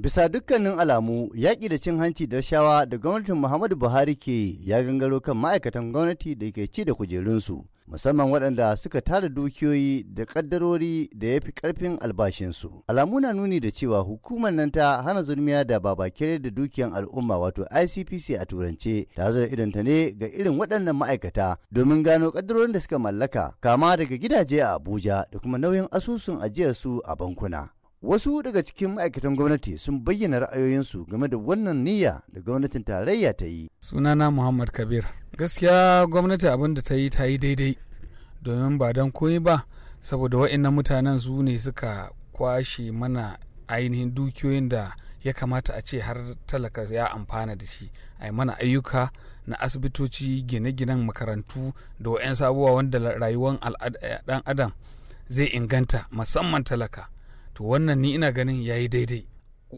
Bisa dukkanin alamu, yaƙi da cin hanci da rashawa da gwamnatin Muhammadu Buhari ke ya gangaro kan ma'aikatan gwamnati da ke ci da kujerunsu, musamman waɗanda suka tara dukiyoyi da ƙaddarori da ya fi ƙarfin albashinsu. Alamu na nuni da cewa hukumar nan ta hana zurmiya da babakere da dukiyan al'umma wato ICPC a turance ta zo da idonta ne ga irin waɗannan ma'aikata domin gano ƙaddarorin da suka mallaka, kama daga gidaje a Abuja da kuma nauyin asusun ajiyarsu a bankuna. Wasu daga cikin ma'aikatan gwamnati sun bayyana ra'ayoyinsu game da wannan niyya da gwamnatin tarayya ta yi. Sunana Muhammad Kabir. Gaskiya gwamnati abin da ta yi ta yi daidai domin ba don koyi ba saboda wa'annan mutanen su ne suka kwashe mana ainihin dukiyoyin da ya kamata a ce har talaka ya amfana da shi a yi mana ayyuka na asibitoci gine-ginen makarantu da wa'yan sabuwa wanda rayuwar dan eh, adam zai inganta musamman talaka. to wannan ni ina ganin ya yi daidai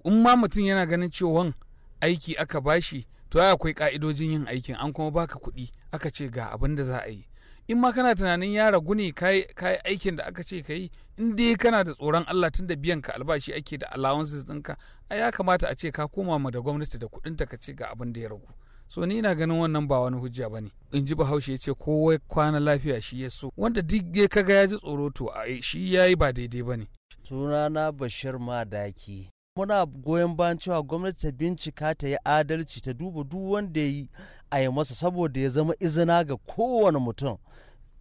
in ma mutum yana ganin cewa aiki aka bashi to ya akwai ka'idojin yin aikin an kuma baka kuɗi aka ce ga abin da za a yi in ma kana tunanin ya ragu ne kayi aikin da aka ce ka yi in dai kana da tsoron Allah tun da biyan ka albashi ake da allowances ɗinka a ya kamata a ce ka koma ma da gwamnati da kuɗin ta ka ce ga abin da ya ragu so ni ina ganin wannan ba wani hujja bane in ji bahaushe ya ce kowai kwana lafiya shi ya so wanda duk ya kaga ya ji tsoro to shi ya yi ba daidai bane suna na bashir madaki muna goyon bayan cewa gwamnati ta bincika ta yi adalci ta duba duk wanda ya yi a yi masa saboda ya zama izina ga kowane mutum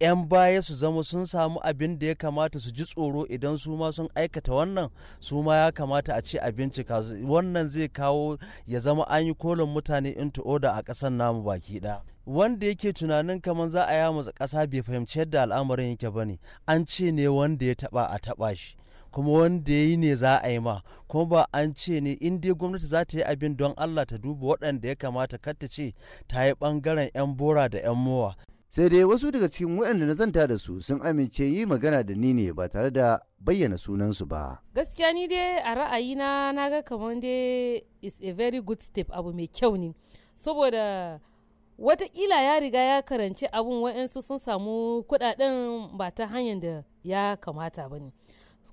'yan baya su zama sun samu abin da ya kamata su ji tsoro idan su ma sun aikata wannan su ma ya kamata a ce a bincika wannan zai kawo ya zama an yi kolon mutane into order a ƙasar namu baki ɗaya wanda yake tunanin kamar za a yamatsa ƙasa bai fahimci yadda al'amarin yake ba ne an ce ne wanda ya taba a taɓa shi kuma wanda ya yi ne za a yi ma kuma ba an ce ne in dai gwamnati za ta yi abin don allah ta duba waɗanda ya kamata kar ta ce ta yi ɓangaren 'yan bora da 'yan mowa sai dai wasu daga cikin waɗanda na zanta da su sun amince yi magana da ni ne ba tare da bayyana sunansu ba gaskiya ni dai a ra'ayi na ga kamar dai is a very good step abu mai kyau ne saboda wataƙila ya riga ya karanci abun waɗansu sun samu kudaden ba ta hanyar da ya kamata ba ne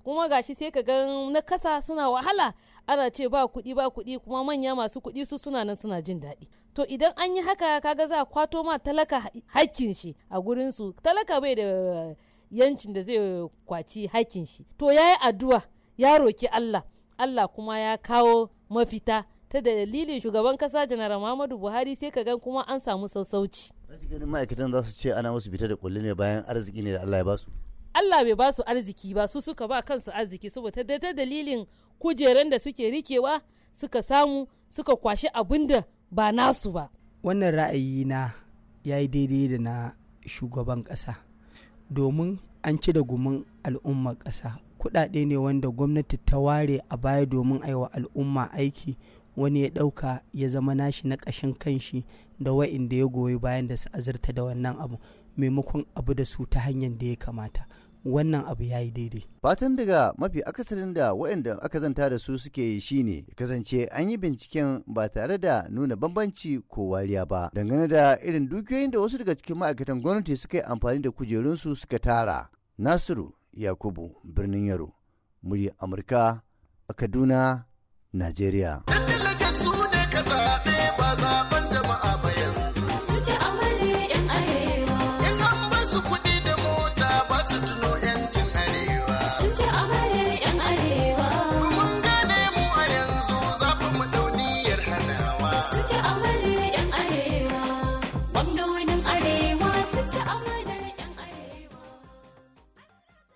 kuma gashi sai ka gan na kasa suna wahala ana ce ba kuɗi ba kuɗi kuma manya masu kuɗi su suna nan suna jin daɗi to idan an yi haka kaga za a kwato ma talaka hakkin shi a gurin su talaka bai da yancin da zai kwaci hakkin shi to ya yi addu'a ya roki Allah Allah kuma ya kawo mafita ta dalilin shugaban kasa janaral Muhammadu Buhari sai ka gan kuma an samu sassauci. ma'aikatan za su ce ana musu fita da kulle ne bayan arziki ne da Allah ya basu. Allah bai ba su arziki ba su suka ba kansu arziki saboda da ta dalilin kujeran da suke rikewa suka samu suka kwashi abin da ba nasu ba wannan ra'ayi na ya yi daidai da na shugaban ƙasa domin an ci da gumin al'ummar ƙasa kuɗaɗe ne wanda gwamnati ta ware a baya domin aiwa al'umma aiki wani ya ɗauka ya zama nashi na ƙashin kanshi da wa'inda ya goyi bayan da su azurta da wannan abu maimakon abu da su ta hanyar da ya kamata wannan abu ya yi daidai. Fatan daga mafi akasarin da waɗanda aka zanta da su suke yi shi shine kasance an yi binciken ba tare da nuna bambanci ko wariya ba dangane da irin dukiyoyin da wasu daga cikin ma'aikatan gwamnati suka yi amfani da kujerunsu suka tara. Nasiru Yakubu birnin Yaro, Muryar Amurka a Kaduna, Najeriya.